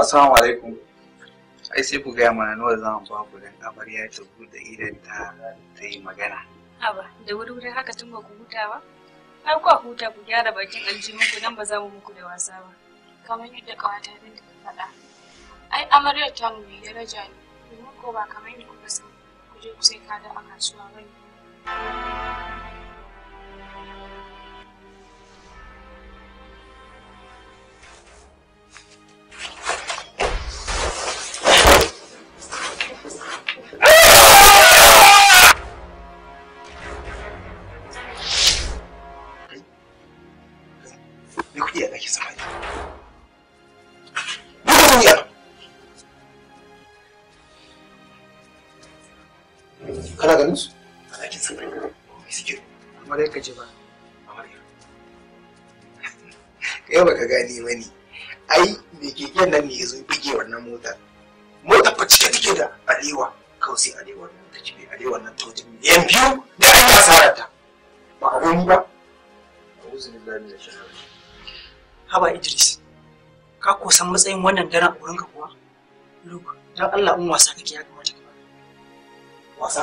assalamu alaikum ai sai ku gaya mana nawa zan ba ku dan amarya ta buɗe idan ta ta yi magana aba da wuri wuri haka tun ba ku huta ba ai ku huta ku gyara bakin aljihun ku nan ba za mu muku da wasa ba kamar yadda kawata nan ta faɗa ai amaryar ta mu mai daraja ne domin ko ba kamar yadda kuka san ku je ku sai kada a kasuwa ba ne matsayin wannan daren a wurinka kuwa? Luke, don Allah in wasa kake ya kamata ka Wasa?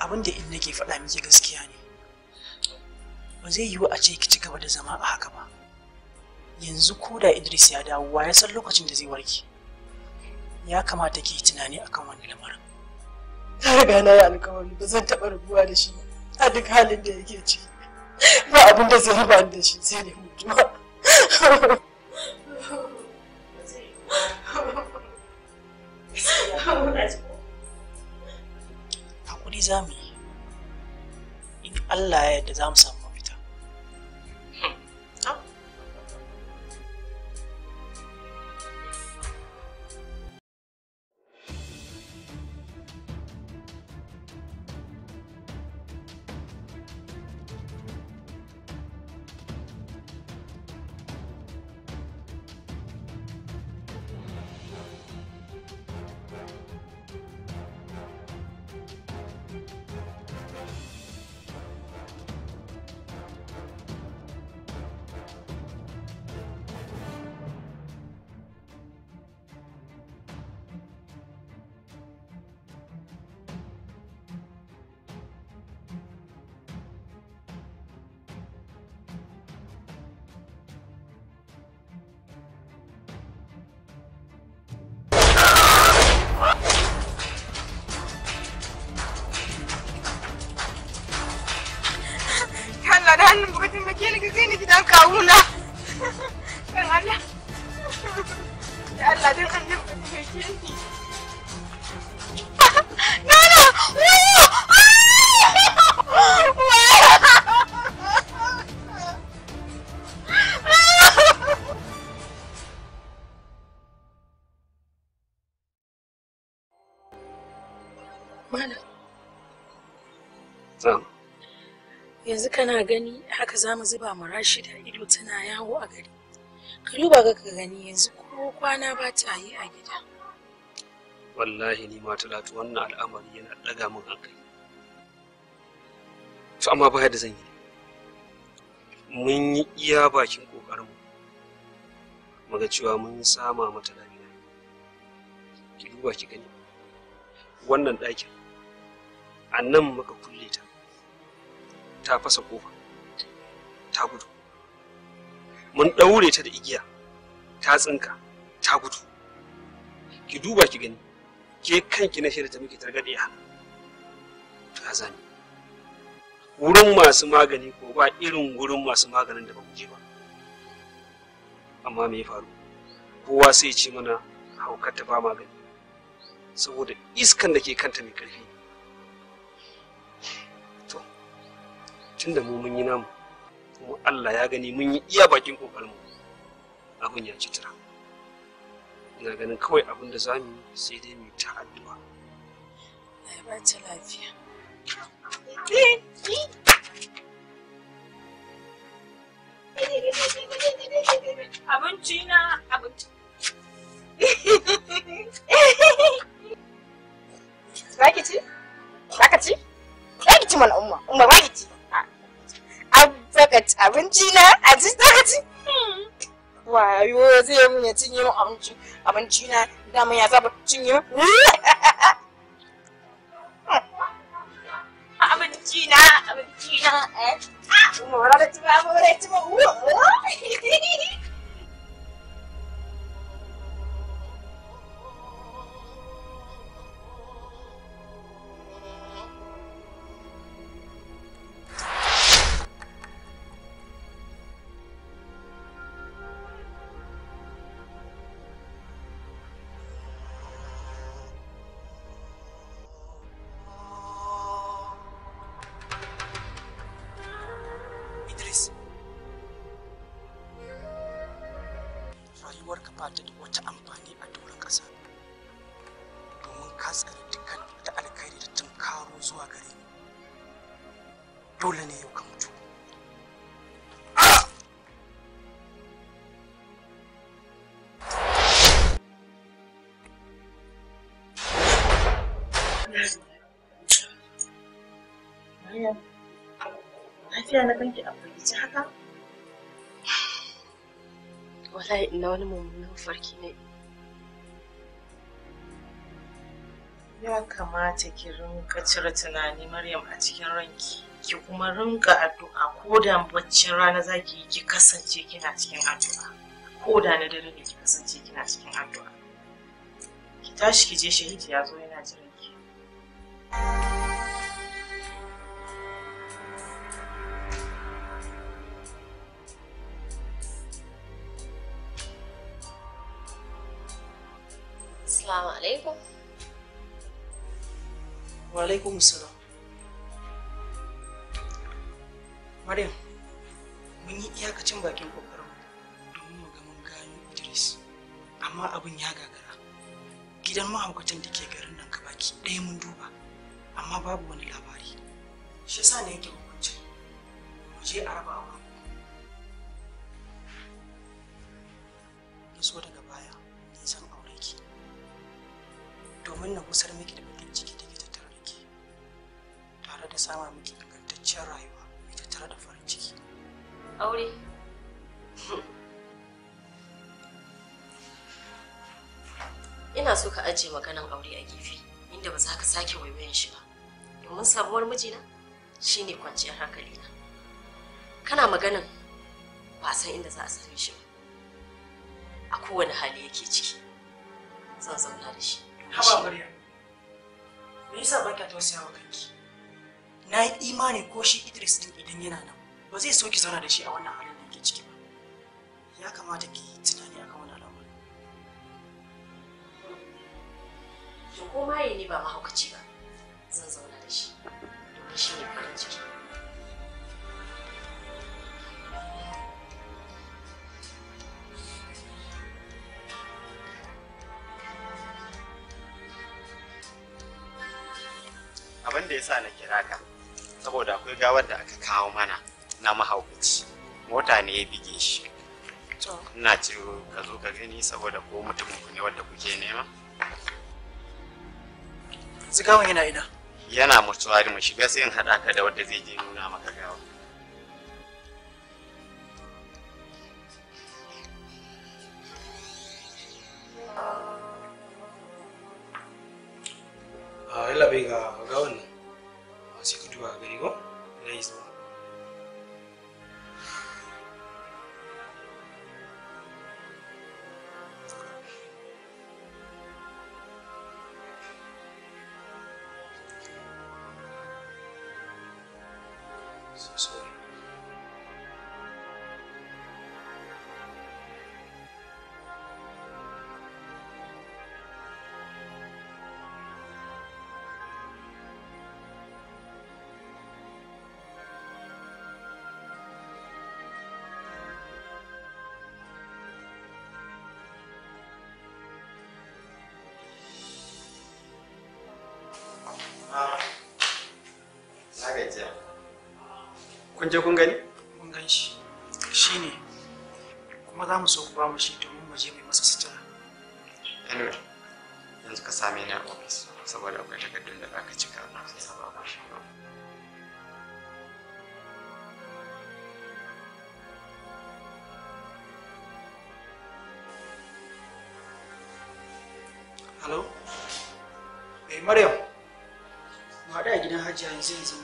abin da in nake faɗa miki gaskiya ne ba zai yiwu a ce ki ci gaba da zama a haka ba yanzu ko da idris ya dawo wa ya san lokacin da zai warke ya kamata ki tunani akan wani lamarin na riga na yi alkawari ba zan taɓa rabuwa da shi a duk halin da yake ciki ba abin da zai ba da shi sai ne mutuwa za mu yi in allah ya yarda za mu samu kana gani haka za mu zuba mu rashida ido tana yawo a gari ka duba ga ka gani yanzu ko kwana ba ta yi a gida wallahi ni ma talatu wannan al'amari yana daga min hankali to amma ba da zan yi mun yi iya bakin mu muga cewa mun sama mata lafiya ki duba ki gani wannan ɗakin a nan muka kulle ta ta fasa kofa ta gudu mun ɗaure ta da igiya ta tsinka ta gudu ki duba ki gani ke kanki na shirya ta miki targaɗe ya to ya zani wurin masu magani ko ba irin wurin masu maganin da ba ku je ba amma me ya faru kowa sai ce mana haukar ta ba magani saboda iskan da ke kanta mai ƙarfi tun da mu mun yi namu kuma Allah ya gani mun yi iya bakin kokarinmu abin ya ci ina ganin kawai abin da za mu sai dai mu ta addu'a ai ba ta lafiya abinci na abinci Za ci? Za ci mana umma, umma za ci. zaka ci abinci na a ji zaka ci wayo zai mun ya cinye mu abinci abinci na dama ya saba cinye mun abinci na abinci na eh ah, mu rana ci ba mu rana ci ba Lafiya na banki a firgici haka? Wallahi ina wani mummunan farki ne. Ya kamata ki rinka cire tunani Maryam a cikin ranki. Ki kuma rinka addu'a ko da baccin rana za ki yi ki kasance kina cikin addu'a. Ko da na dare ne ki kasance kina cikin addu'a. Ki tashi ki je shahidi ya zo yana. Assalamualaikum. Waalaikumsalam. ina so ka ajiye maganan aure a gefe inda ba za ka sake waiwayan shi ba domin sabuwar mijina shine kwanciyar hankali na kana maganan ba san inda za a same shi ba a kowane hali yake ciki zan zauna da shi haba murya me yasa ba ka tausaya wa kanki na yi imani ko shi Idris din idan yana nan ba zai so ki zauna da shi a wannan halin da yake ciki ba ya kamata ki tunani To ko maye ne ba mahaukaci ba zan zauna da shi domin shi ne farin ciki abin da ya sa na kira ka saboda akwai gawar da aka kawo mana na mahaukaci mota ne ya bige shi ina ce ka zo ka gani saboda ko mutumin ku ne wadda kuke nema Zigawan yana ina. Yana mutuwari mu shiga sai in haɗa ka da wanda zai je nuna maka gawa. Ah, ila bai ga gawan nan. je kun gani mun gan shi shine kuma za mu so ku ba mu shi domin mu je mu masa sutura anyway yanzu ka same ni a office saboda akwai takardun da zaka cika na sai ka ba mu shi Hello? Eh, Maryam, mu haɗu a gidan Hajiya yanzu yanzu.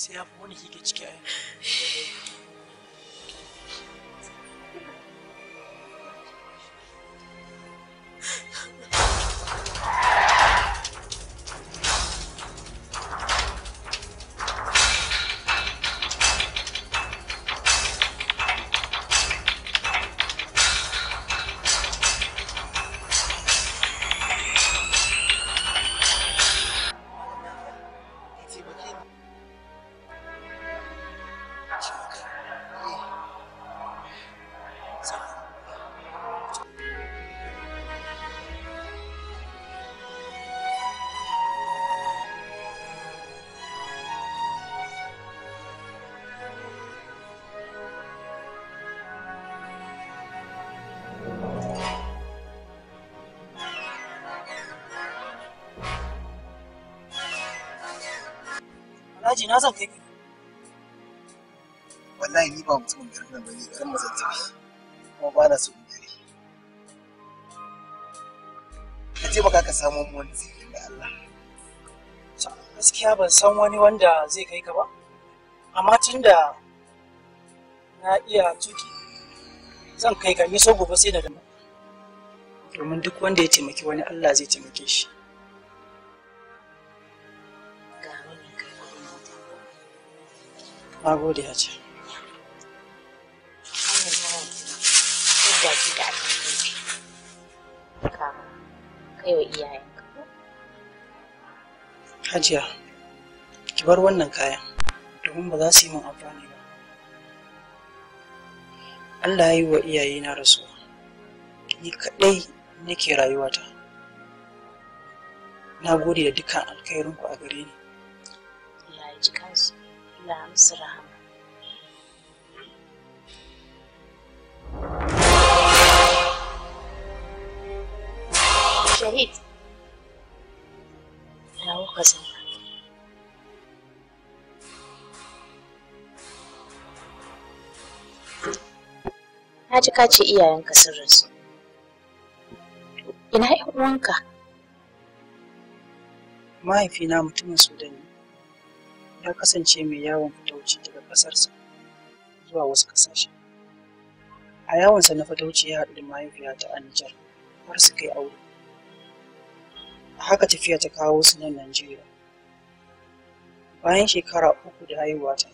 से आप वो नहीं खींच के आए Alhaji na zan kai ki. Wallahi ni ba mutumin garin nan bane garin mu zan tafi. Kuma ba na so in dare. Ka je baka ka samu wani zikin da Allah. Gaskiya ban san wani wanda zai kai ka ba. Amma tunda na iya tuki zan kai ka ni so gobe sai na da domin duk wanda ya taimaki wani Allah zai taimake shi. na gode a can Hajiya, ki bar wannan kayan domin ba za su yi min amfani ba. Allah ya yi wa iyayena rasuwa, ni kaɗai nake rayuwata. Na gode da dukkan alkhairinku a gare ni. Allah ya ji kansu. Allah musu rahama. Shahid, dawo ka Na ji ka ce iyayenka sun rasu. Ina ‘yan uwanka? Mahaifina mutumin Sudan ne. ya kasance mai yawon fatauci daga ƙasarsa zuwa wasu ƙasashe. A yawonsa na fatauci ya haɗu da mahaifiyata a Nijar har su kai aure. A haka tafiya ta kawo su nan Najeriya. Bayan shekara uku da haihuwata,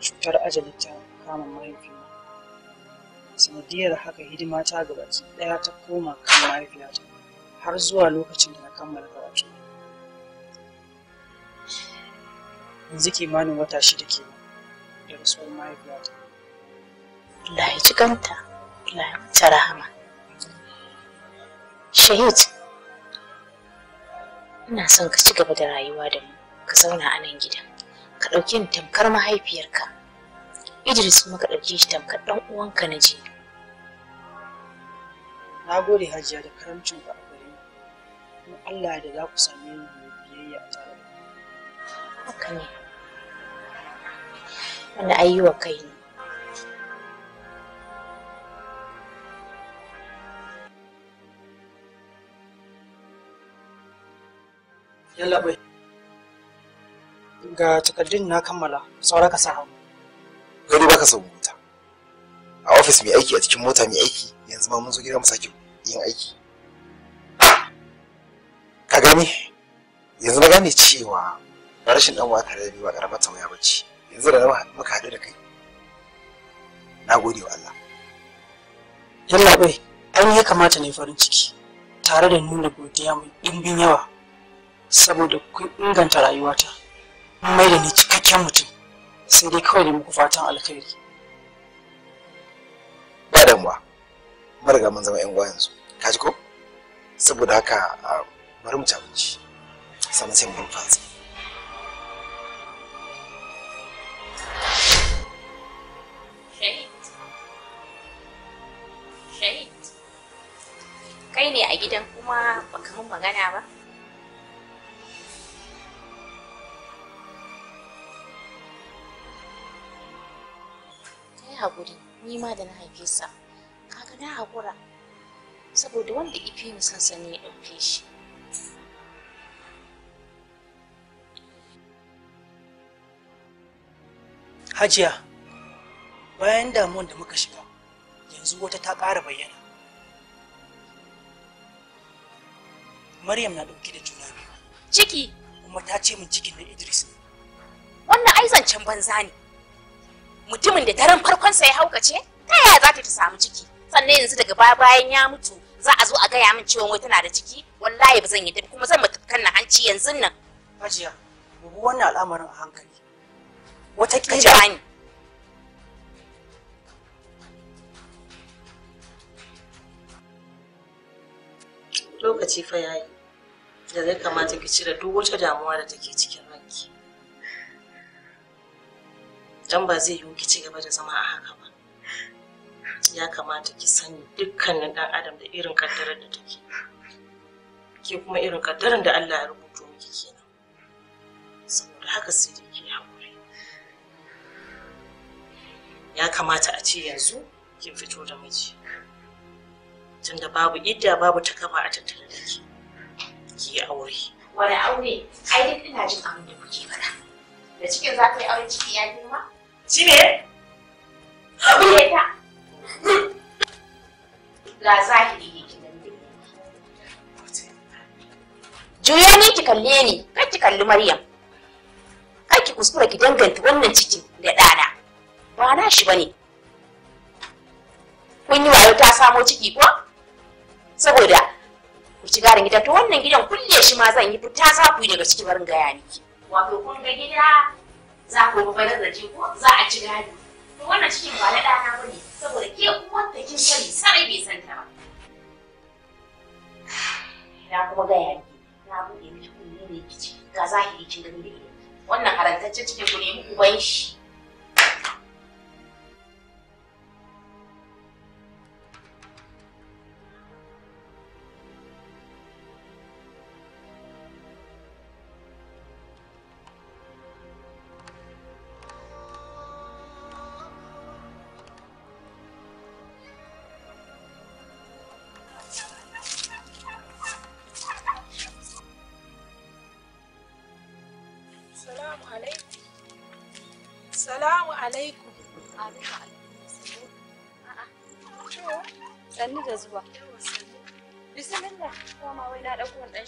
cutar ajali ta kama mahaifina. Sanadiyar haka hidima ta gabata. ɗaya ta koma kan mahaifiyata har zuwa lokacin da na kammala karatu. yanzu kimanin wata shida ke da rasuwar mahaifiyata Allah ya ji kanta Allah ta rahama shahid ina son ka ci gaba da rayuwa da mu ka zauna a nan gidan ka ɗauki ni tamkar mahaifiyarka Idris kuma ka ɗauke shi tamkar ɗan uwanka na ji. na gode hajiya da karamcin ku a gare mu Allah da za ku same ni ka ne wanda ai wa kai ne yalla bai ga takardun na kammala saura ka sa hannu gari baka son mota a ofis mai aiki a cikin mota mai aiki yanzu ma mun zo gida mu sake yin aiki ka gane yanzu na gane cewa da rashin dan uwa tare da ni ba karamar tawaya bacci, yanzu da muka haɗu da kai na gode wa Allah yalla bai an ya kamata ne farin ciki tare da nuna godiya mai ɗimbin yawa saboda kun inganta rayuwata kun mai da ni cikakken mutum sai dai kawai da muku fatan alkhairi ba damuwa mun mun zama yan uwa yanzu ka ji ko saboda haka ah, bari mu ci abinci sai mu rufa Kai ne a gidan kuma baka mun magana ba? Kai haƙuri, ni ma da na haife sa. Kaga na haƙura, saboda wanda ife mu sansani ya ɗauke shi. Hajiya, bayan damuwan da muka shiga, yanzu wata ta ƙara bayyana maryam na ɗauki da juna biyu ciki kuma ta ce min cikin na idris ne wannan ai zancen banza ne mutumin da daren farkonsa ya haukace ta yaya za ta samu ciki sannan yanzu daga baya bayan ya mutu za a zo a gaya min cewa wai tana da ciki wallahi ba zan yi kuma zan mutukan na hanci yanzu nan hajiya wannan al'amarin a hankali wata kila ne lokaci fa yayi da zai kamata ki cire duk wata damuwa da take cikin ranki dan ba zai yiwu ki ci gaba da zama a haka ba ya kamata ki sani dukkanin dan adam da irin kaddarar da take ke kuma irin kaddarar da Allah ya rubuto miki kenan saboda haka sai dai ki haƙuri ya kamata a ce yanzu ki fito da miji tunda babu idda babu ta a tattalin ke, ki aure wani aure ai duk ina jin abin da kuke faɗa da cikin za ka yi aure ciki ya girma shi ne ta ga zahiri ne ki juya ne ki kalle ni kar ki kalli maryam kar ki kuskura ki danganta wannan cikin da ɗana ba na shi bane kun yi wayo ta samo ciki ko saboda ku ci garin gida to wannan gidan kulle shi ma zan yi fita za ku yi daga cikin barin gaya ki wato kun ga gida za ku ba da zaje ko za a ci gari to wannan cikin ba na dana bane saboda ke ku wanda kin sani sarai bai san ta ba na kuma gaya miki na bude miki kunne ne kici ga zahiri kin ga da wannan harantaccen cikin ku ne mu uban shi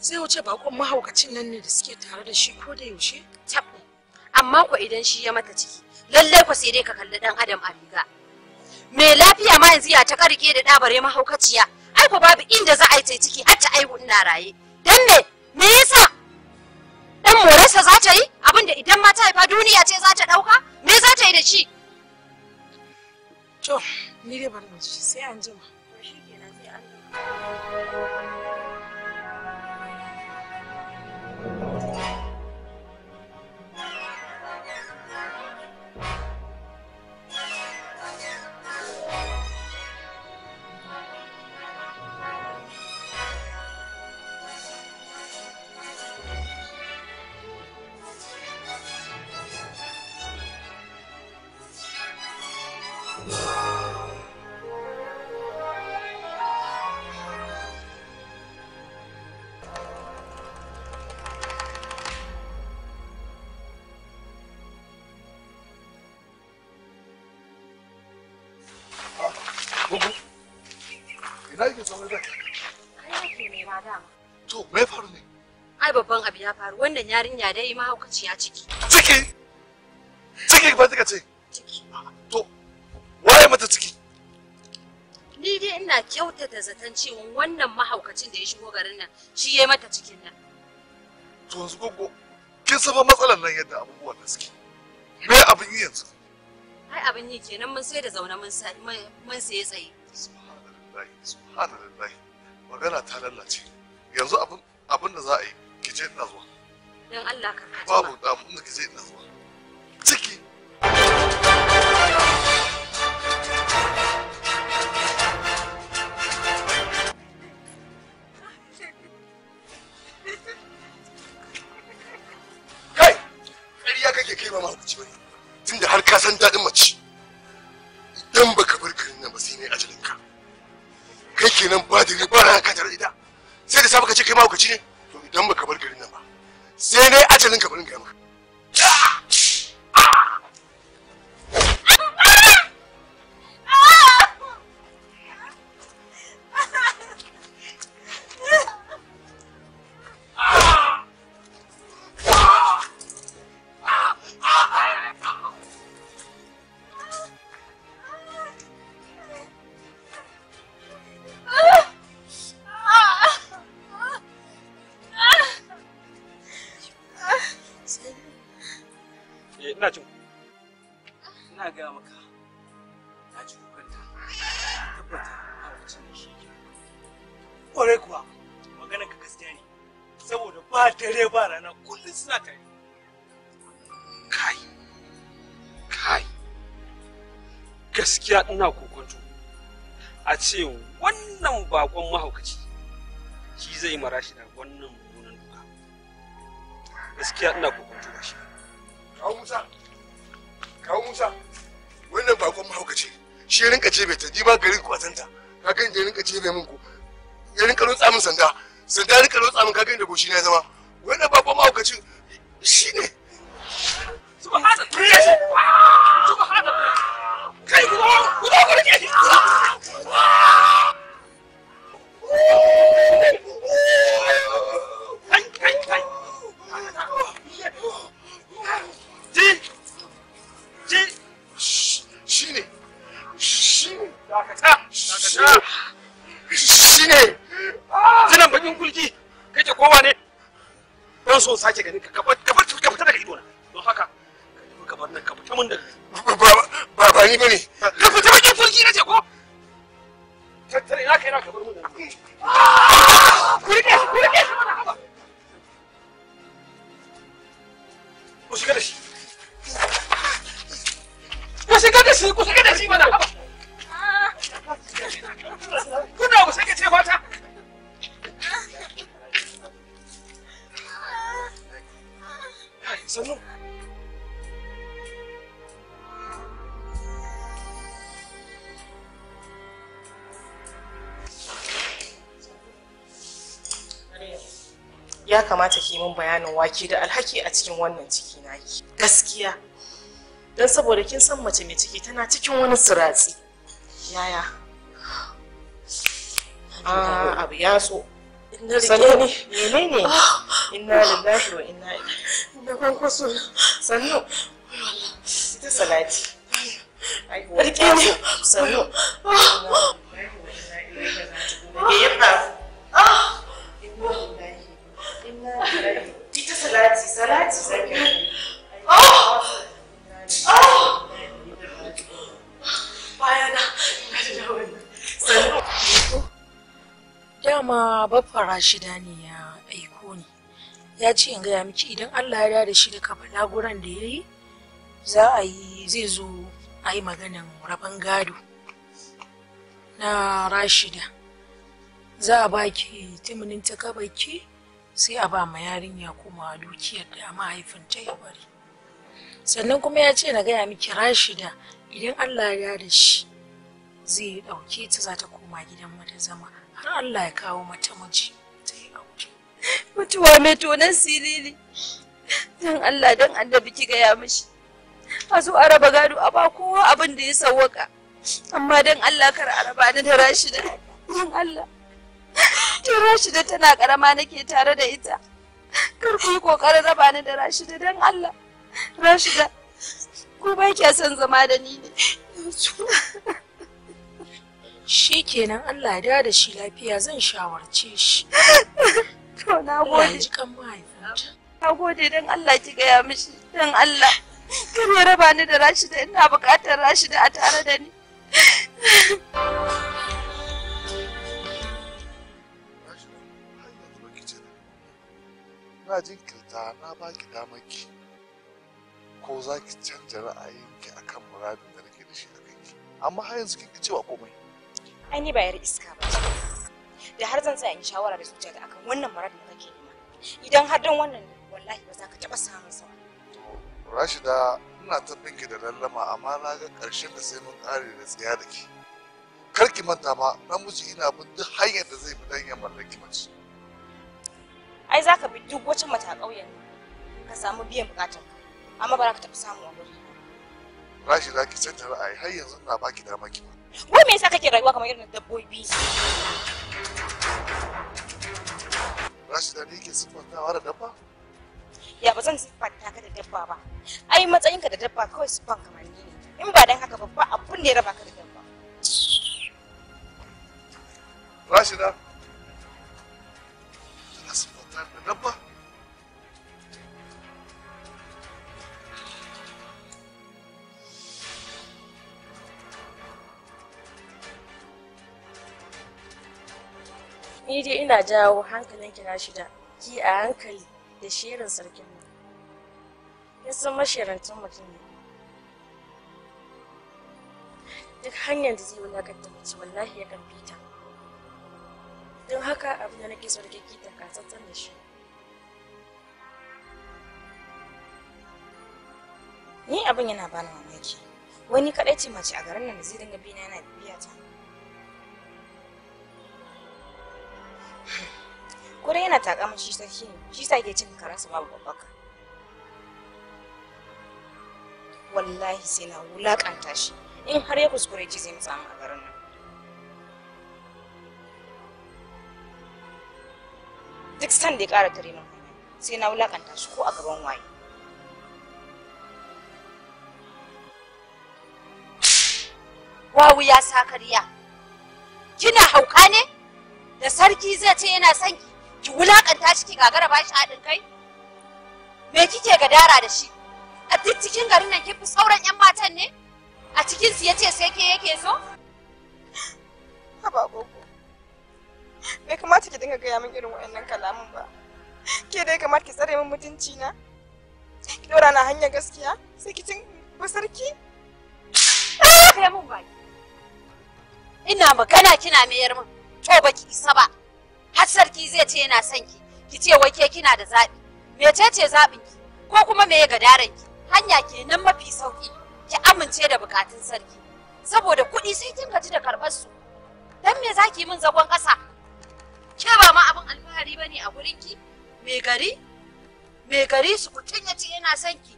sai wuce bakon mahaukacin nan ne da suke tare da shi ko da yaushe Tabo, amma ko idan shi ya mata ciki lallai ko sai dai ka kalli dan adam a riga me lafiya ma yanzu ya ta karke da dabare mahaukaciya ai ko babu inda za a yi ta ciki har ta aihu ina raye dan me me yasa dan morarsa za ta yi abinda idan mata ta haifa duniya ce za ta dauka me za ta yi da shi to ni dai shi sai an jima to kenan sai an jima wannan yarinya dai mahaukaciya ciki. Ciki? Ciki ba kika ce? Ciki. To, waye mata ciki? Ni dai ina kyautata zaton cewa wannan mahaukacin da ya shigo garin nan shi ya mata cikin nan. To yanzu gogo, kin san matsalar nan yadda abubuwan nan suke. Me abin yi yanzu? Ai abin yi kenan mun sai da zaune mun sai mun sai tsaye. Subhanallahi, subhanallahi. Magana ta lallace. Yanzu abin abin da za a yi, ina zuwa. don Allah ka kaji babu abin da zai na zuwa ciki kai ƙarya kake kai ba ma hukunci bane tunda har ka san daɗin mace idan baka bar garin nan ba sai ne ajalinka kai kenan ba da ba rana ka tare ita sai da safe ka ce kai ma hukunci ne gaskiya ina kokonto a ce wannan bakon mahaukaci shi zai mara shi da wannan mummunan duka gaskiya ina kokonto da shi kawo musa kawo musa wannan bakon mahaukaci shi rinka ce bai taji ba garin ku atanta ka ga inda rinka ce bai mun ku ya rinka rotsa min sanda sanda rinka rotsa min ka ga inda goshi na zama wannan bakon mahaukacin kamata ki min bayanin wake da alhaki a cikin wannan ciki naki gaskiya don saboda kin san mace mai ciki tana cikin wani siratsi yaya ah, abu ya so ne ne ah. inna lillahi wa inna ilaihi da farko so sannu ita salati ai ko sannu inna lillahi wa inna ilaihi oh oh bayana dama bafara rashida ne ya aiko ni ya ce in gaya miki idan Allah ya da shi daga guran da yayi za a yi zai zo a yi maganan rabon gado na rashida za a baki timinin ta kabaki sai a ba ma yarinya komawa dukiyar da mahaifinta ya bari sannan kuma ya ce na gaya miki rashida idan allah ya da shi zai dauke ta za ta koma gidan mata zama har allah ya kawo mata miji ta yi aure mutuwa mai tonan silili don allah don annabi ki gaya mishi a zo araba gado a ba kowa abin da ya sawwaka amma dan allah kar a raba ni da rashida allah Tun Rashida tana karama nake tare da ita. Kar ku yi kokarin raba ni da Rashida don Allah. Rashida, ko ba ki son zama da ni ne? Shi kenan Allah ya da shi lafiya zan shawarce shi. To na gode. ji kan Na gode don Allah ki gaya mishi don Allah. Kar ya raba ni da Rashida ina buƙatar Rashida a tare da ni. na jinkirta na baki ki, ko za ki canja ra'ayinki akan muradin da nake da shi a kanki amma har yanzu kin cewa komai ai ni ba yar iska ba da har zan tsaya in shawara da zuciya da akan wannan muradin da kake nema idan har don wannan ne wallahi ba za ka taba samun sa Rashida ina tabbin ki da lallama amma na ga ƙarshen da sai mun ƙare da tsaya da ke kar ki manta ba namiji ina bin duk hanyar da zai bi dan ya ki mace ai za ka bi duk wata mata a ƙauyen ka samu biyan bukatar amma ba za ka taɓa samu a wuri rashi za ki canza ra'ayi har yanzu na baki dama ki wai me yasa kake rayuwa kamar irin dabbobi rashi da ne yake siffantawa da dabba ya ba zan siffanta ka da dabba ba ai matsayinka da dabba kawai siffan kamar ni ne in ba dan haka babba abun da ya raba ka da dabba rashida Ni dai ina jawo hankalin kira shida, ki a hankali da shirin sarkin mu. Ya san mashirantun mutum ne. Duk hanyar da zai wulakanta mace wallahi ya kan fita. don haka abu da nake so da ke ta katsatsan da shi ni abin yana ni mamaki wani kaɗai ce mace a garin nan da zai dinga bi na yana biya ta dai yana taƙa shi sarki ne shi sa ke cin karansa babu babbaka wallahi sai na wulaƙanta shi in har ya kuskure ci zai samu a garin nan duk san da ya kara tare nan sai na wulakanta shi ko a gaban waye wawu ya sakariya kina hauka ne da sarki zai ce yana son ki ki wulakanta shi ki gagara ba shi haɗin kai me kike gadara da shi a duk cikin garin nan kifi sauran yan matan ne a cikin su yace sai ke yake so haba gogo bai kamata ki dinga gaya min irin wa'annan kalamun ba ke dai kamar ki tsare min mutunci na ki dora na hanya gaskiya sai ki cin basarki kai mun ba ina magana kina mayar min to baki isa ba har sarki zai ce yana son ki ki ce wai ke kina da zabi ce zabin ki ko kuma me ya gadaran ki hanya kenan mafi sauki ki amince da bukatun sarki saboda kuɗi sai kin gaji da karɓar su dan me zaki min zagon ƙasa ke ba ma abin alfahari ba ne a ki? mai gari mai gari su ku ya ce yana son ki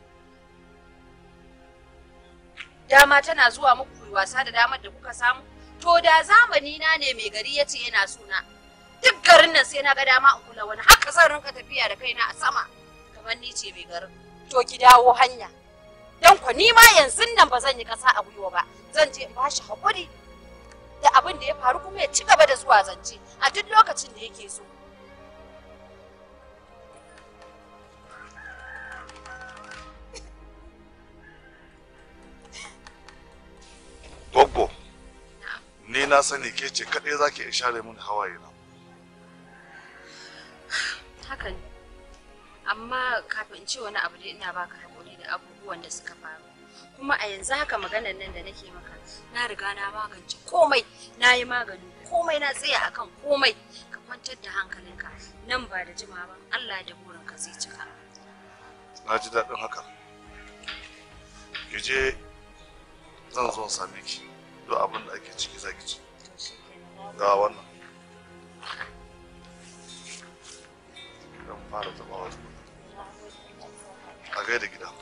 dama tana zuwa muku wasa da damar da kuka samu to da zamani na ne mai gari ya ce yana suna duk garin nan sai na ga dama in kula wani haka zan rinka tafiya da kaina a sama kamar ni ce mai garin to ki dawo hanya dan ku ni ma yanzu nan ba zan yi kasa a gwiwa ba zan je in bashi hakuri da abin da ya faru kuma ya ci gaba da zuwa zance a duk lokacin da yake so Goggo, ni na sani ke ce kaɗai za ki share mun hawaye na. Haka ne, amma kafin in ce wani abu da ina baka haƙuri da abubuwan da suka faru. Kuma a yanzu haka maganar nan da nake maka na riga na magance komai na yi maganin komai na tsaya akan komai ka kwantar da hankalinka nan ba da jimawa ba Allah da ka zai cika na ji daɗin haka ki je zan zo same ki duk abin da ake ciki ki ci ga wannan zan fara zama wajen a gaida gida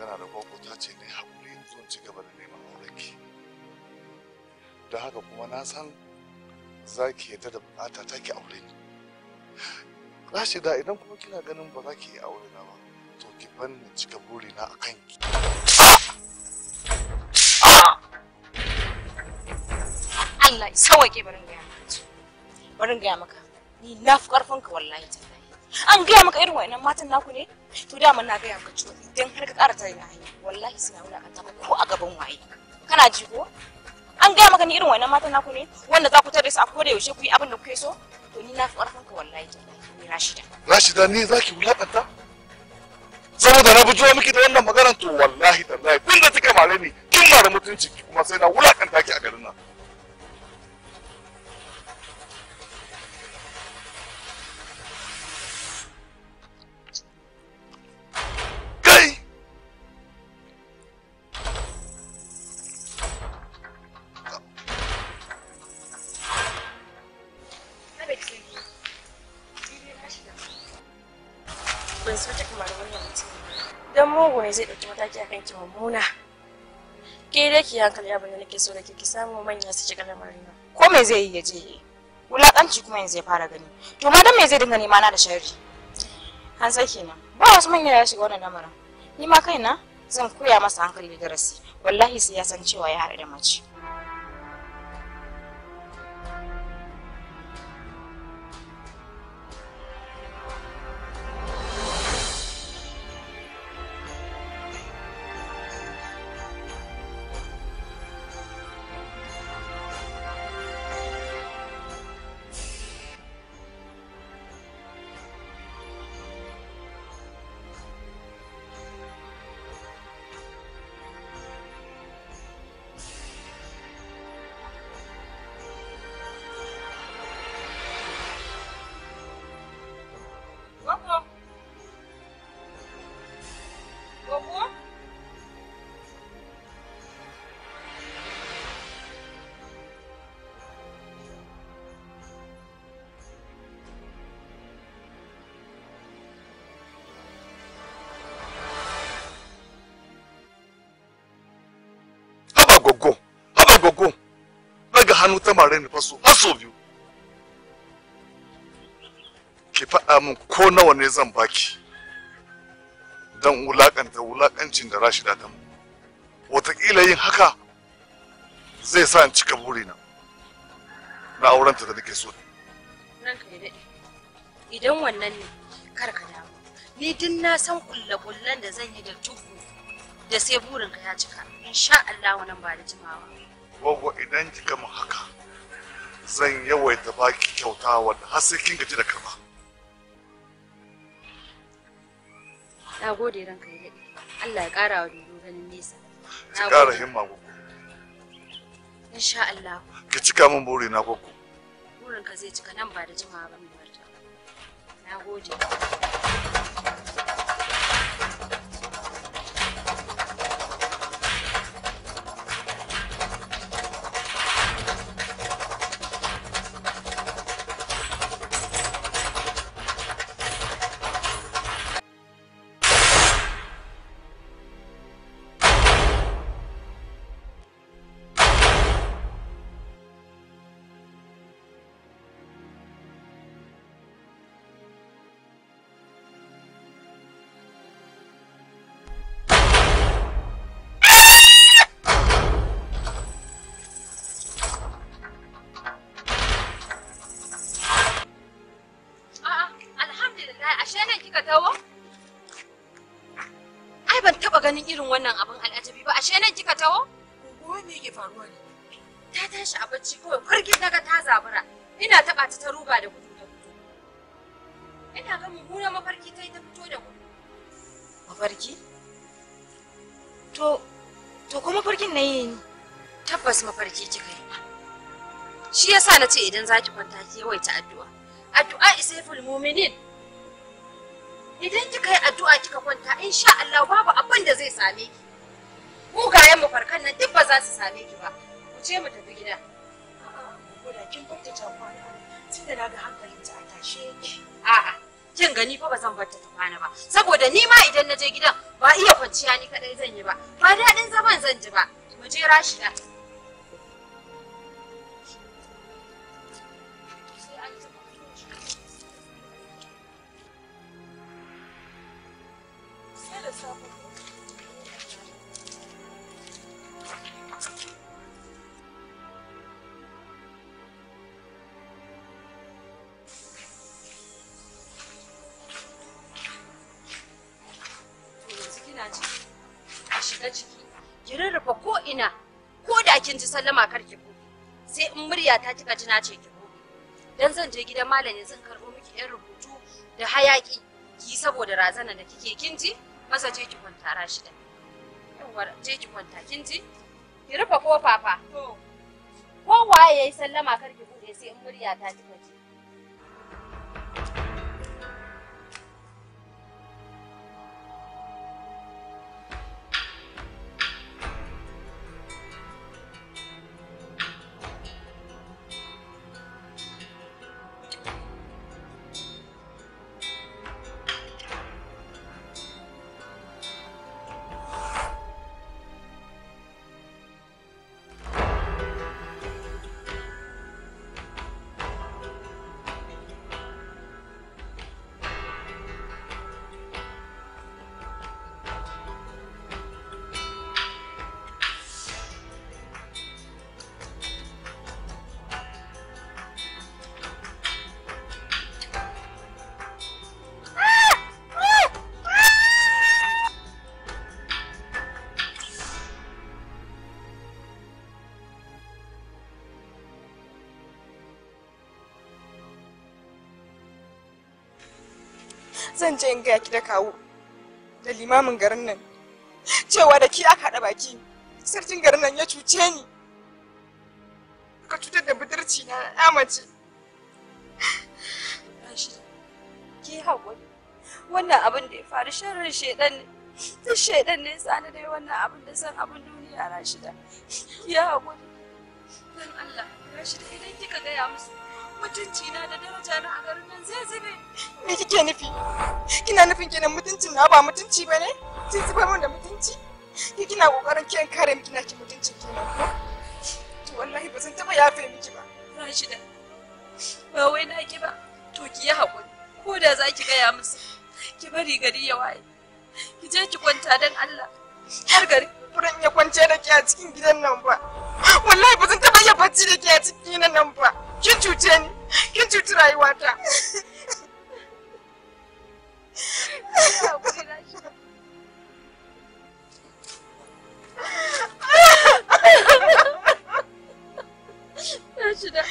magana da koko ta ce ne haƙuri in zo ci gaba da neman aurenki da haka kuma na san za ki yadda da bukata ta ki aure ni da idan kuma kina ganin ba za ki yi aure na ba to ki banni cika burina a ki. Allah isa wake barin gaya maka barin gaya maka ni na fi karfin ka wallahi ta an gaya maka irin wa'annan matan naku ne to dama na gaya maka cewa idan har ka ƙara ta yin hanya wallahi suna kan ka ko a gaban waye kana ji ko an gaya maka ni irin wa'annan matan naku ne wanda za ku tare su a koda yaushe ku yi abin da kuke so to ni na fi ƙarfin ka wallahi ni Rashida Rashida ni ki wulaƙanta. saboda na bujo miki da wannan maganar to wallahi tallahi kun da kika malami kin ba da mutunci kuma sai na wulaƙanta ki a garin nan taki akan ki mummuna ke dai ki hankali abin da nake so da ki samu manya su shiga lamarin nan ko me zai yi ya je wulakanci kuma yanzu ya fara gani to ma dan me zai dinga nema na da sharri an sai kenan ba wasu manya ya shiga wannan lamarin ni ma kaina zan koya masa hankali da rasi wallahi sai ya san cewa ya haɗu da mace hannu ta mare ni faso har biyu ki faɗa min ko nawa ne zan baki don wulaƙanta wulaƙancin da rashida ta mu wataƙila yin haka zai sa in cika burina na aurenta da nake so idan wannan ne kar ka damu ni din na san kulle-kullen da zan yi da tuku da sai burinka ya cika insha Allah wannan ba da jimawa gogo idan ki gama haka zan yawaita baki kyauta wadda har sai kin gaji da karba na gode ranka ya daɗe Allah ya ƙara wa dodo ganin nesa ki ƙara himma gogo insha Allah ki cika min buri na gogo burinka zai cika nan ba da jimawa ba mai marta na gode kika dawo? Ai ban taba ganin irin wannan abin al'ajabi ba, ashe nan kika taho? Gobe me yake faruwa ne? Ta tashi a bacci kawai kurgin daga ta zabura. Ina taba ta ta ruba da gudu da gudu. Ina ga mummunan mafarki ta yi ta fito da gudu. Mafarki? To, to kuma mafarkin na yi ni, Tabbas mafarki kika yi. Shi yasa na ce idan za ki kwanta ki yawaita addu'a. Addu'a isaiful muminin. idan kika yi addu'a kika kwanta insha Allah babu abin da zai same ki mugayen mafarkan nan duk ba za su same ki ba ku ce mu tafi gida a'a kin ta kwana tunda na ga hankalin ta tashe ki a'a kin gani fa ba zan barta ta kwana ba saboda ni ma idan na je gidan ba iya kwanciya ni kadai zan yi ba ba daɗin zaman zan ji ba mu je Rashida kika ji na ce ki gobe dan zan je gidan malamin zan karbo miki yan rubutu da hayaki ki saboda razana da kike kin ji masa je ki kwanta rashi da yawa je ki kwanta kin ji ki rufe kofa fa to kowa yayi sallama kar ki bude sai in murya ta kika ji zan je in gaya ki da kawo da limamin garin nan cewa da ki aka haɗa baki sarkin garin nan ya cuce ni ka cutar da budurci na ya ki haƙuri wannan abin da ya faru sharrin shaidan ne ta shaidan ne tsani dai wannan abin da san abin duniya na shida ki haƙuri don Allah Rashida idan kika gaya musu mutuncina da daraja na a garin nan zai zube. Me kike nufi? Kina nufin kenan mutuncin na ba mutunci ba ne? Sai zuba min da mutunci? Ki kina kokarin kiyan kare miki na ki mutuncin kenan ko? To wallahi ba zan taba yafe miki ba. Rashida. Ba wai na ki ba. To ki yi hakuri. Ko da za ki gaya musu. Ki bari gari ya waye. Ki je ki kwanta don Allah. Har gari. Furan ya kwance da ke a cikin gidan nan ba. Wallahi ba zan taba iya bacci da ke a cikin gidan nan ba. kin cuce ni kin cuci rayuwata Rashida,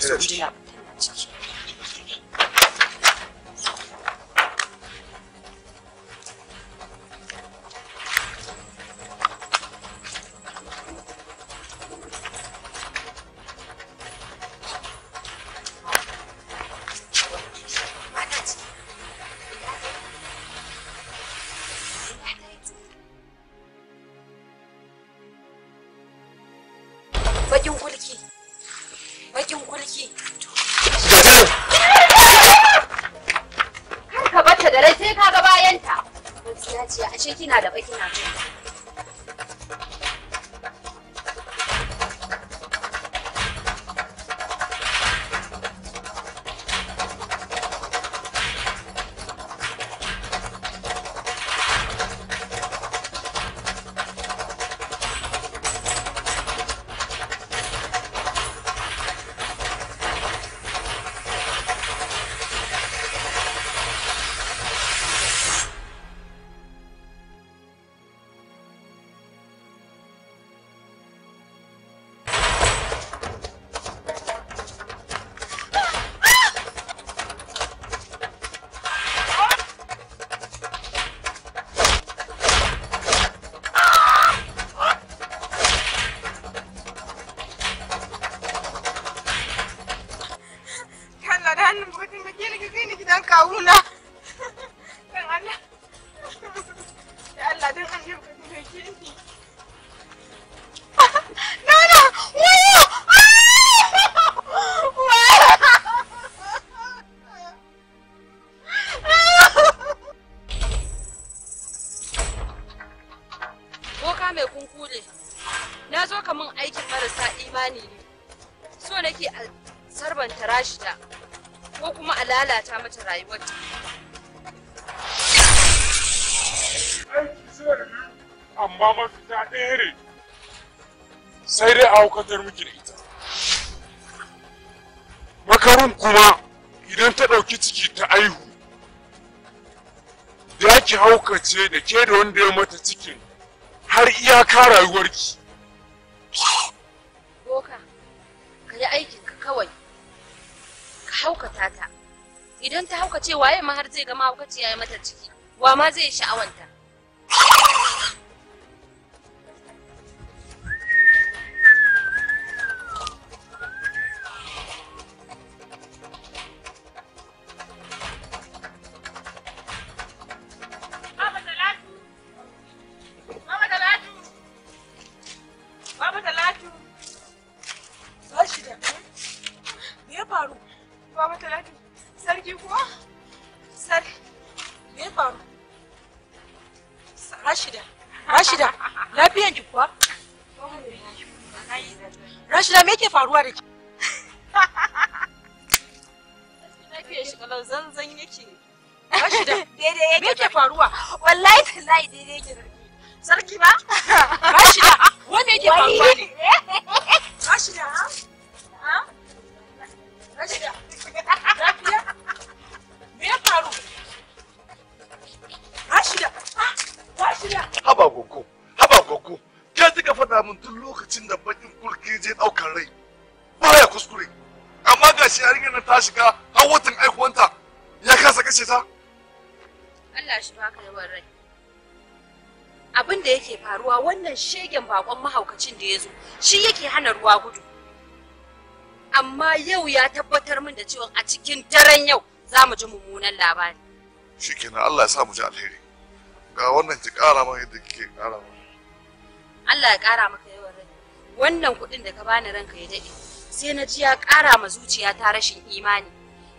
uncertainty up. ke da wanda ya mata cikin har iyaka rayuwarki. Boka, ka yi aikinka kawai, ka haukata ta. Idan ta haukace waye ma har zai gama mahaukaci ya yi mata ciki, wa ma zai sha'awanta. watan aikuwanta ya kasa kashe ta Allah shi baka yawan rai abin da yake faruwa wannan shegen bakon mahaukacin da ya zo shi yake hana ruwa gudu amma yau ya tabbatar min da cewa a cikin daren yau za mu ji mummunan labari kenan Allah ya sa mu ji alheri ga wannan ki kara ma yadda kike kara ma Allah ya kara maka yawan rai wannan kuɗin da ka bani ranka ya daɗe sai na ji ya kara ma zuciya ta rashin imani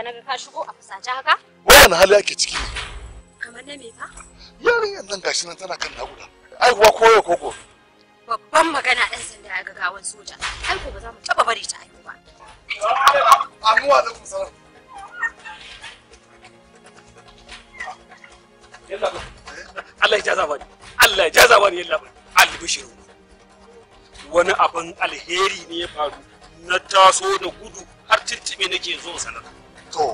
yasa naga ka shigo a fusace haka? Wani hali ake ciki? Kamar na me fa? Yarinyar nan gashi nan tana kan naguda. Ai kuwa koyo koko. Babban magana ɗan sanda ya ga gawan soja. Ai ko ba za mu taba bari ta aiko ba. Amuwa Amu alaikum salam. Allah ya jaza bani. Allah ya jaza bani yalla bani. Albishiru. Wani abin alheri ne ya faru na taso da gudu har tuntube nake zo sanar To.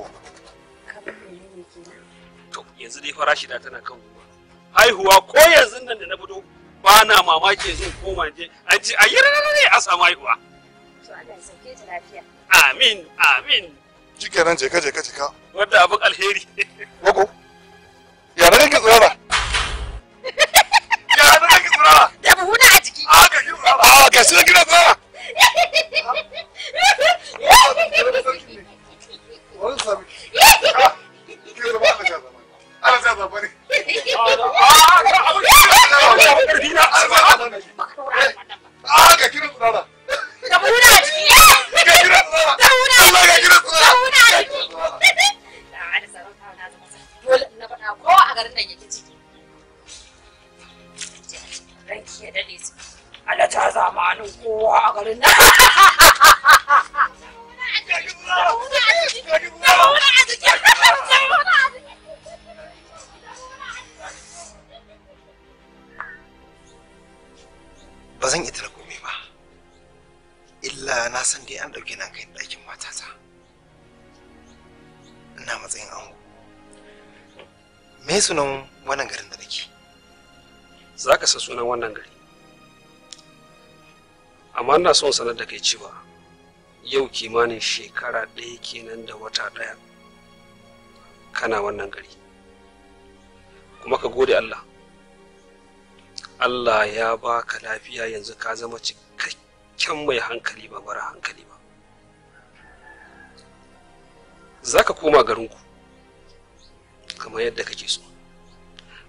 To yanzu dai farashi da tana kan ruwa. Haihuwa ko yanzu nan da na fito ba na mamaki zan koma je an ci ayi ne a samu haihuwa. To Allah ya ta lafiya. Amin amin. Jike nan je ka je ka jika. Wanda abin alheri. Wago. wannan gari amma ina son sanar da kai cewa yau kimanin shekara ɗaya kenan da wata ɗaya kana wannan gari kuma ka gode Allah Allah ya baka lafiya yanzu ka zama cikakken mai hankali ba mara hankali ba za ka koma garinku kamar yadda kake so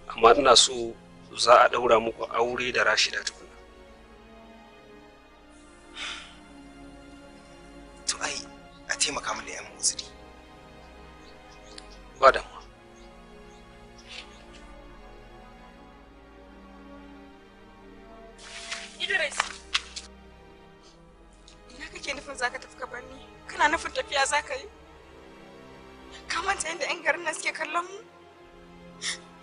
amma ina so za a ɗaura muku aure da rashida tukuna to ai a taimaka mu da yan muzuri ba da Idris, ina kake nufin za ka tafi ka ni? Kana nufin tafiya za ka yi? Ka manta yadda 'yan garin nan suke kallon mu?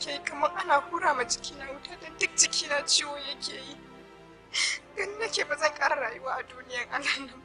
ke yi kamar ana hura ma jikina wuta da duk jikina ciwo yake yi. Gani nake ba zan ƙara rayuwa a duniyar Allah nan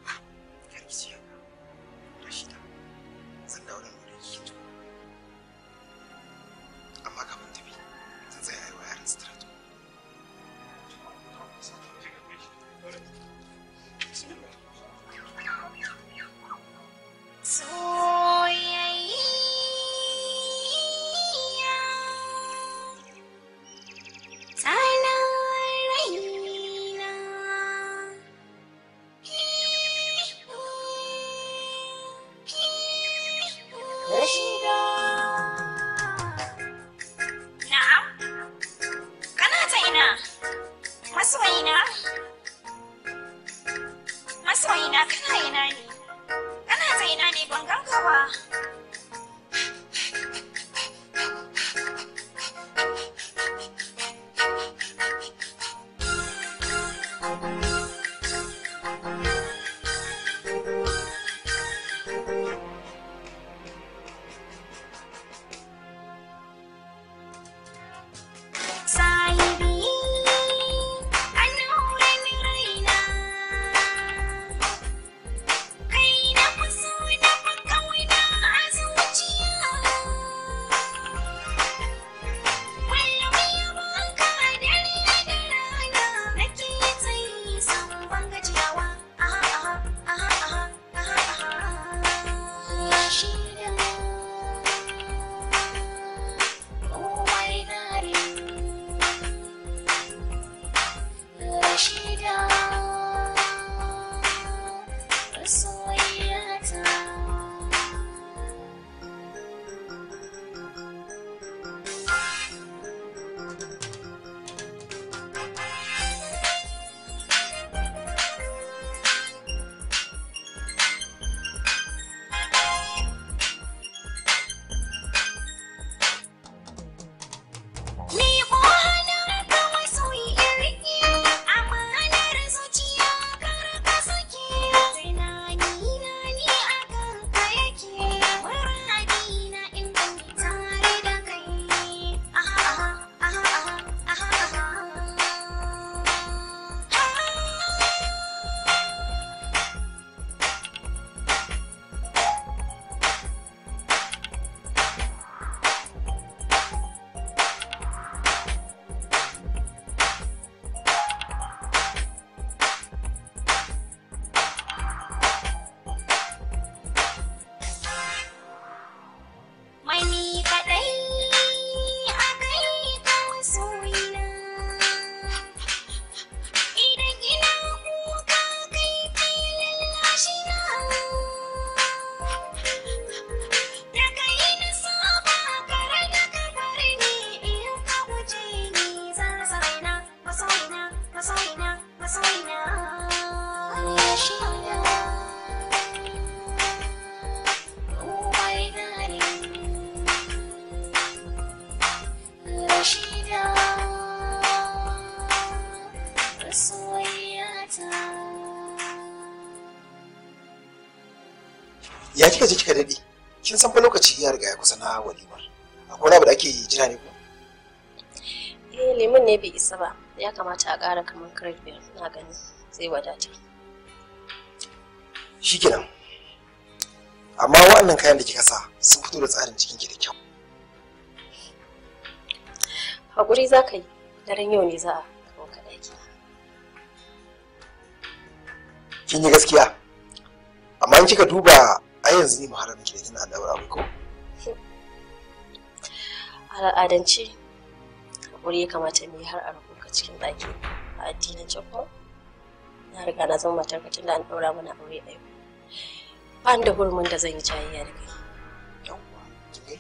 kika je kika dade kin san fa lokaci ya riga ya kusa na walimar akwai abu da ake jira ne ko eh lemun ne bai isa ba ya kamata a ƙara kaman crate biyar na gani zai wadata shikenan amma waɗannan kayan da kika sa sun fito da tsarin cikin ki da kyau hakuri za ka yi daren yau ne za a kawo ka daki kin yi gaskiya amma in kika duba a yanzu ne maharar da tana an daura muku a al'adance haƙuri ya kamata mu yi har a rubuka cikin ɗaki a addinin japan na riga na zama matarka tun da an ɗaura mana aure ɗaya ba da hurumin da zan yi jayayya da kai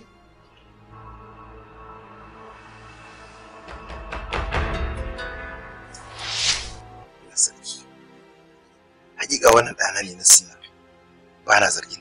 hakika wannan ɗana ne na siya ba na zargin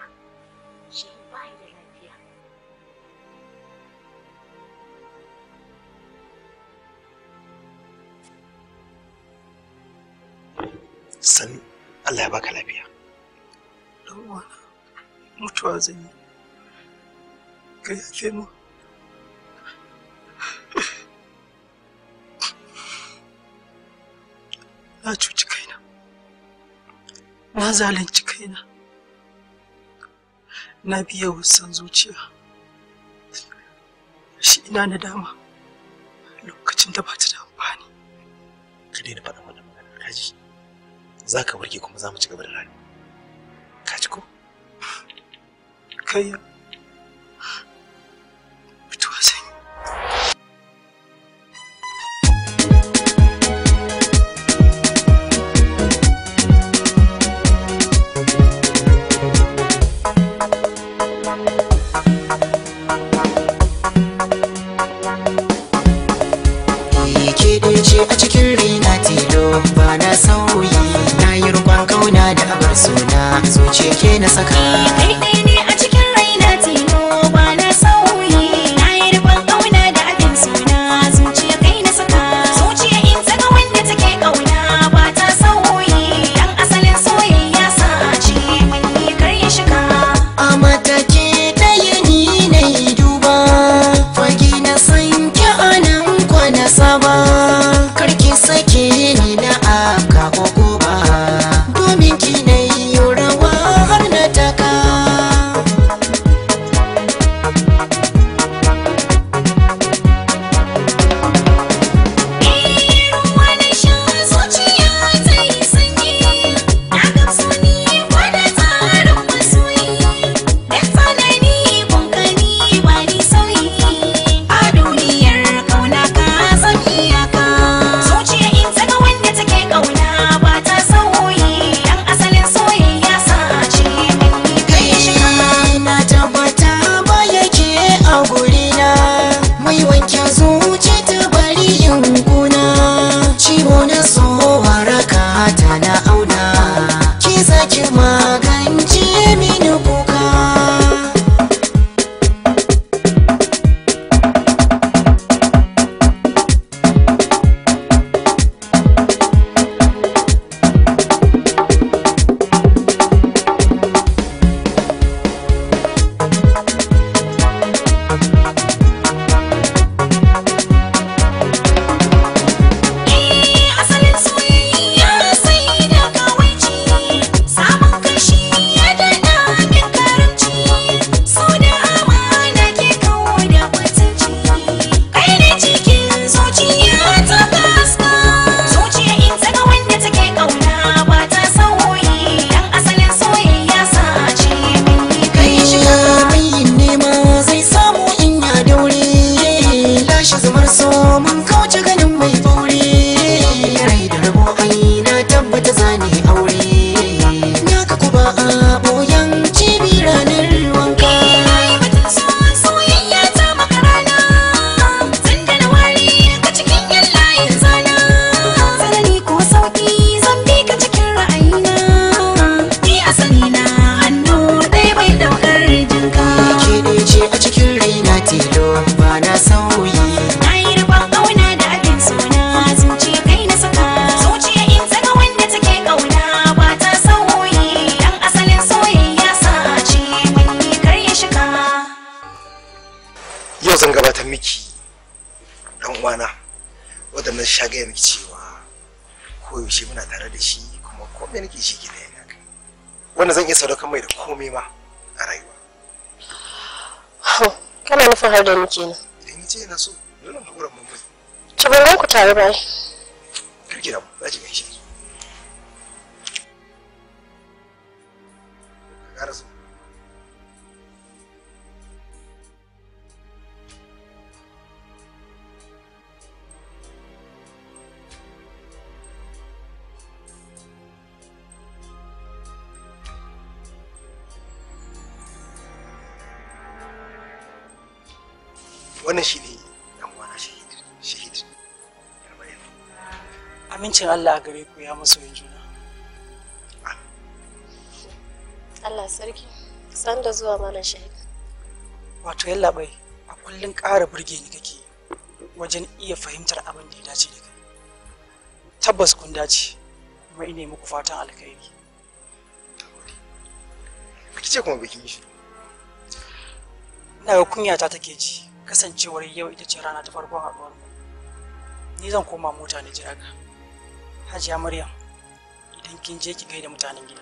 Sani. Allah ya baka lafiya yawwa mutuwa zan yi ka yake mu na cuci kaina na zalunci kaina na biya wasan zuciya shi ina na dama lokacin da ba ta da amfani ka daina faɗa wannan magana za ka warke kuma za mu ci gaba da rani. ka ci ko Kai fitowa sanyi a cikin suna zuciya ke na saka kenan eh, idan ya ce yana so dole haƙuran mun mai ki ban ku tare ba ki mu za ki wannan shi ne yanwana shahid shahid amincin Allah gare ku ya yin juna Allah sarki san da zuwa malam shahid wato yalla bai a kullun ƙara burge ni kake wajen iya fahimtar abin da ya dace da kai tabbas kun dace kuma ina muku fatan alkhairi kace kuma biki shi ina ga kunya ta take ji kasancewar yau ita ce rana ta farkon haɗuwar ni zan koma mota na jira ka hajiya maryam idan kin je ki kai mutanen gida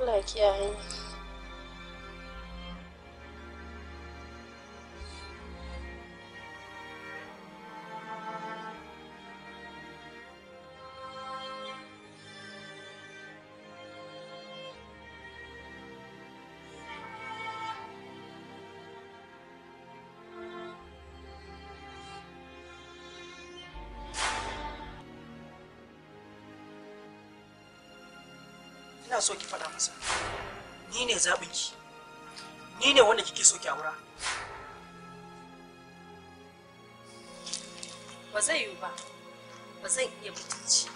Allah ya kiyaye so ki faɗa masa ni ne zaɓinki ni ne wanda kike so ki aura ba zai yiwu ba ba zai iya mutunci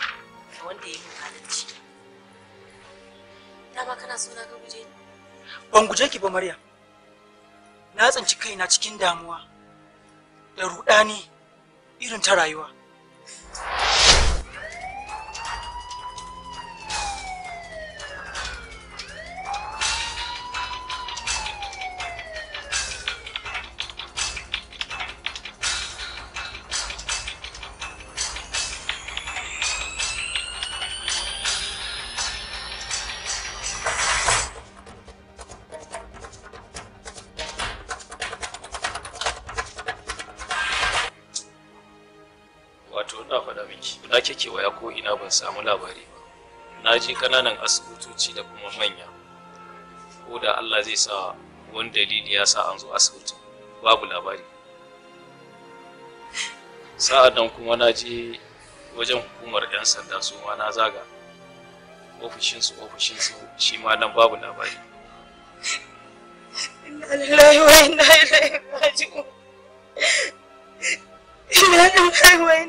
da wanda ya yi halarci dama kana so na ka guje ni ban guje ki ba maryam na tsinci kaina cikin damuwa da ruɗani irin ta rayuwa na kekewaya ko ina ban samu labari ba na je kananan asibitoci da kuma manya ko da allah zai sa wani dalili ya sa an zo asibitin babu labari Sa'a nan kuma na je wajen hukumar 'yan sanda su ma na zaga ofishinsu ofishinsu shi ma nan babu labari Ina lillahi wa inna ilaihi raji'un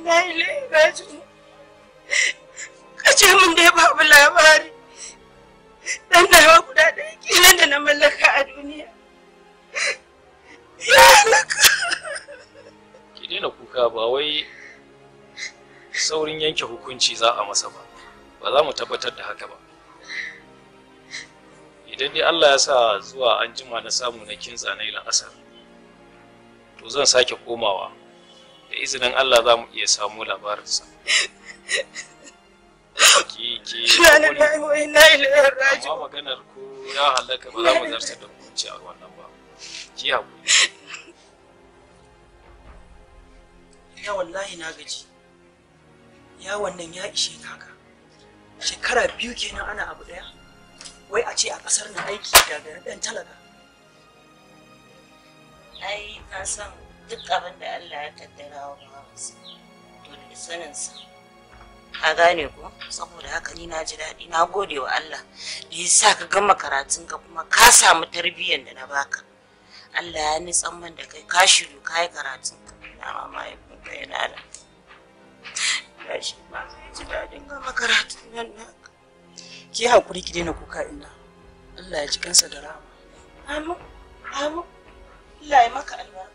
inna wa ka ce min dai babu labari dan nawa guda ɗaya nan da na mallaka a duniya ya halaka ki daina kuka ba wai saurin yanke hukunci za a masa ba ba za mu tabbatar da haka ba idan dai Allah ya sa zuwa an jima na samu na kintsa na ilin asar to zan sake komawa da izinin Allah za mu iya samu labarinsa ki ki shana lahi wa inna ilaihi raji'un amma maganar ku ya halaka ba za mu zartar da hukunci a wannan ba ki hakuri ya wallahi na gaji ya wannan ya ishe kaka? haka shekara biyu kenan ana abu daya wai a ce a kasar na aiki daga dan talaka ai na san duk abin da Allah ya kaddara wa dole da saninsa ka gane ko saboda haka ni na ji daɗi na gode wa Allah da ya sa ka gama karatun ka kuma ka samu tarbiyyar da na baka Allah ya ni tsamman da kai ka shiru ka yi karatun ka na ya kun kai na da ya shi ma ji daɗin gama karatun nan na ki haƙuri ki daina kuka ina Allah ya ji kansa da rama amin amin Allah ya maka albarka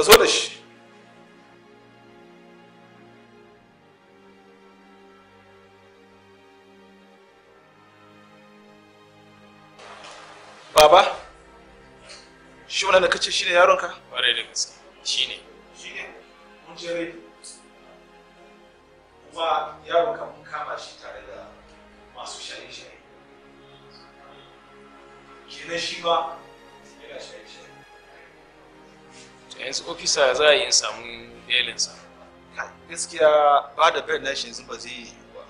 ka zo da shi baba shi wani da kace shine yaronka ƙwarai da gaske shi ne? mun ce rai kuma yaron ka mun kama shi tare da masu shayin shayin. kenan shi ba yanzu ofisa za a yi in samu belinsa gaskiya ba da bel nashi yanzu ba zai yi ba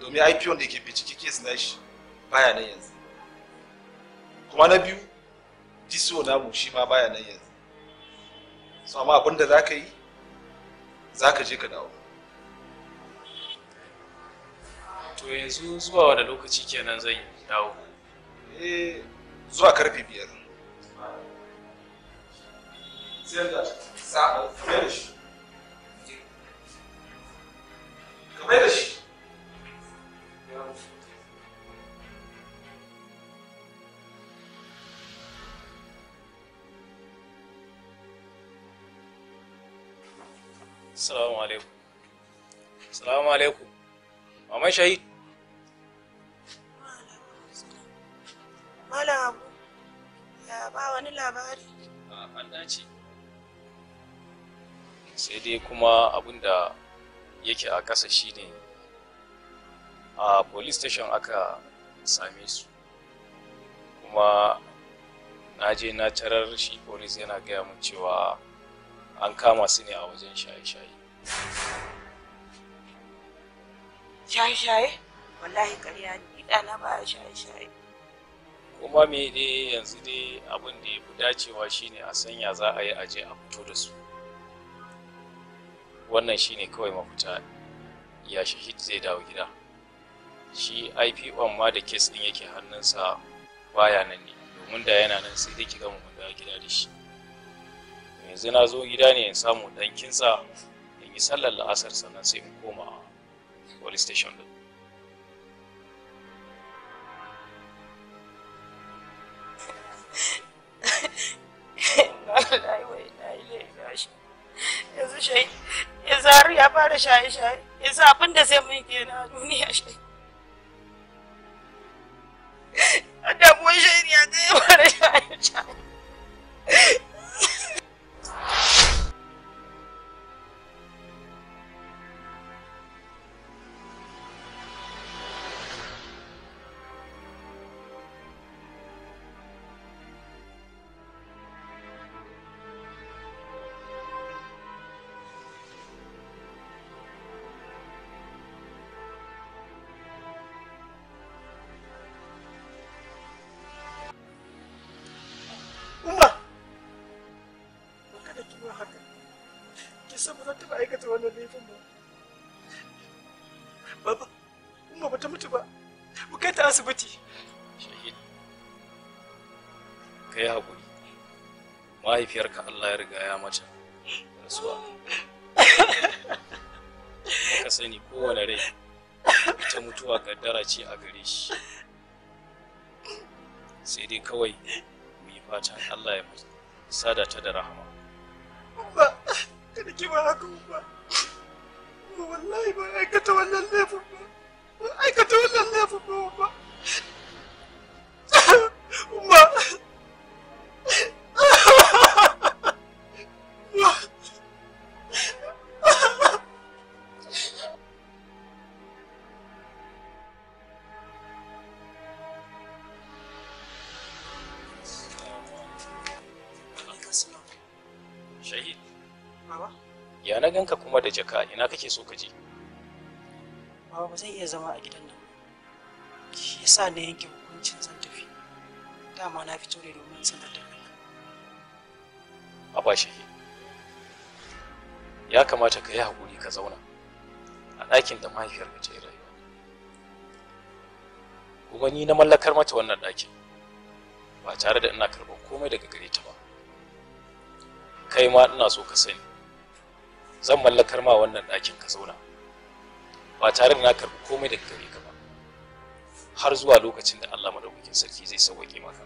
domin ipo da ke bincike case nashi baya nan yanzu kuma na biyu diso namu shi ma baya nan yanzu su amma abinda za ka yi za ka je ka dawo to yanzu zuwa wani lokaci kenan zai dawo eh zuwa karfe biyar sayar da sa'a mai da da shi Assalamu alaikum. Assalamu alaikum. Maman shahid. Malam Abu, ya ba wani labari? An dace. sai dai kuma abin da yake a ƙasa shine a police station aka same su kuma na je na tarar shi police yana gaya mun cewa an kama su ne a wajen shaye-shaye shaye-shaye wallahi ƙarya ne ɗana ba shaye-shaye kuma me dai yanzu dai abin da ya fi dacewa shine a sanya za a yi aje a fito da su wannan shi ne kawai mafuta ya shahid zai dawo gida shi ipo ma da kes din yake hannunsa baya nan ne domin da yana nan sai dai kiga mu dawo gida da shi yanzu na zo gida ne in samu dan kinsa in yi sallar la'asar sannan sai in koma police station din yanzu shahid da zaru ya fara shaye-shaye yanzu abin da zai mun kenan a duniya shi damuwar shi ne ya zai fara shaye-shaye wannan laifin ba baba umma bata mutu ba ku kai ta asibiti shahid kai hakuri mahaifiyarka Allah ya riga ya mata rasuwa ka sani kowane rai ita mutuwa kaddara ce a gare shi sai dai kawai mu fatan Allah ya sada ta da rahama ba kada ki ba haka ba ba wallahi ba aikata wannan laifin ba aikata wannan laifin ba ka ina kake so ka je baba ba zai iya zama a gidan nan shi yasa na yanke hukuncin zan tafi dama na fito ne domin sanar da kai a ba shi ya kamata ka yi hakuri ka zauna a ɗakin da mahaifiyarka ta yi rayuwa kuma ni na mallakar mata wannan ɗakin ba tare da ina karɓar komai daga gare ta ba kai ma ina so ka sani zan mallakar ma wannan ɗakin ka zauna ba tare da na karɓi komai daga gare ka ba har zuwa lokacin da Allah madaukakin sarki zai sauwaƙe maka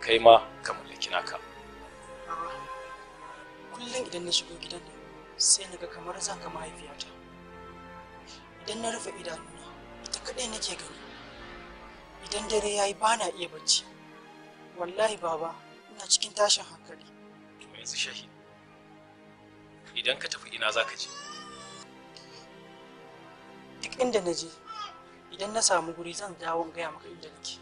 kai ma ka mallaki naka kullum idan na shigo gidan nan sai naga kamar za ka mahaifiyata idan na rufe idanuna ita kaɗai nake gani idan dare yayi yi ba na iya bacci wallahi baba ina cikin tashin hankali to yanzu shahid idan ka tafi ina za ka je duk inda na je idan na samu guri zan dawo gaya maka inda nake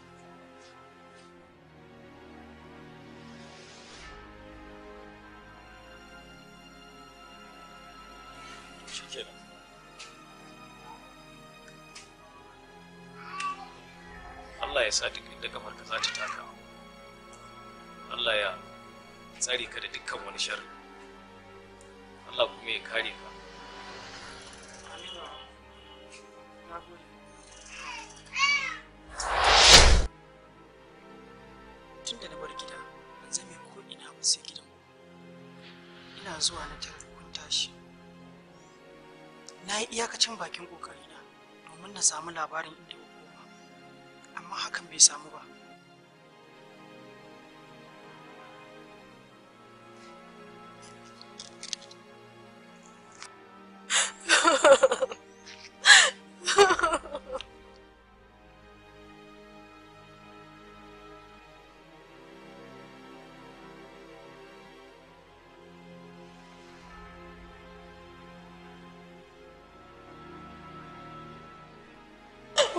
Allah ya sa duk inda kamar ka za ta taka Allah ya tsare ka da dukkan wani sharri Allah kuma ya kare ka tun da na bar gida an zame ko ina ba sai gidan ina zuwa na tara kun tashi na yi iyakacin bakin ƙoƙarina domin na samu labarin inda ya koma amma hakan bai samu ba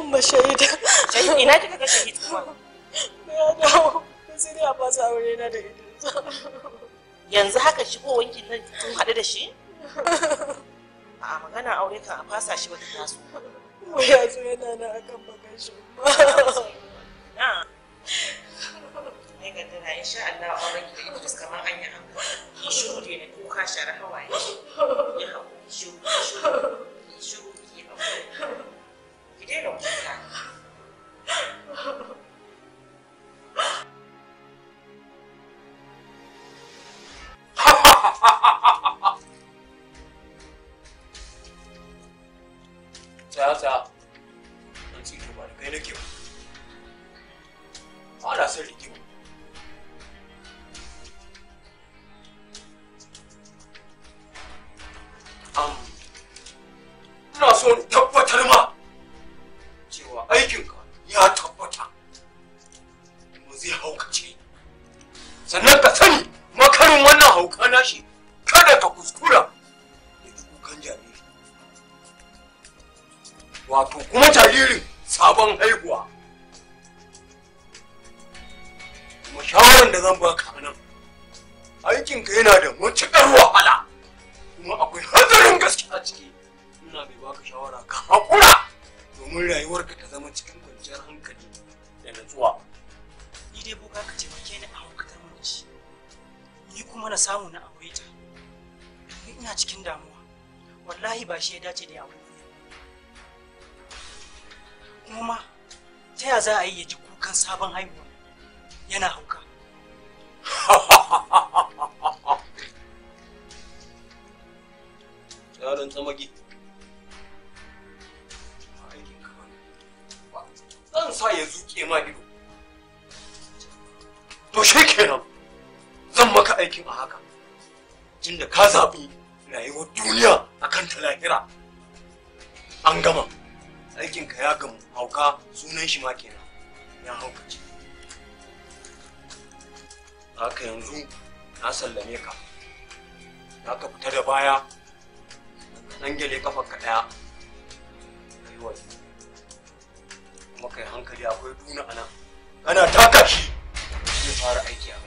kuma shahida ina kika ga shahid kuma ya dawo sai dai a fasa aure na da idris yanzu haka shigowanki nan tun haɗu da shi a magana aure kan a fasa shi wata taso ko ya zo yana nan akan bakan shi na ne ga tana insha Allah auren ki da Idris kamar an yi an in shuru ne ko ka shara sabon haihuwa yana hauka tsarin tsamage zan sa ya zuke ma ido to shi kenan zan maka aikin a haka da ka zaɓi rayuwar duniya akan ta lahira an gama aikinka ya gamu hauka sunan shi ma kenan ya haukace haka yanzu na sallame ka za ka fita da baya ɗan gyale kafa ka ɗaya ka yi waje kuma kai hankali akwai duna a nan kana takashi shi fara aiki a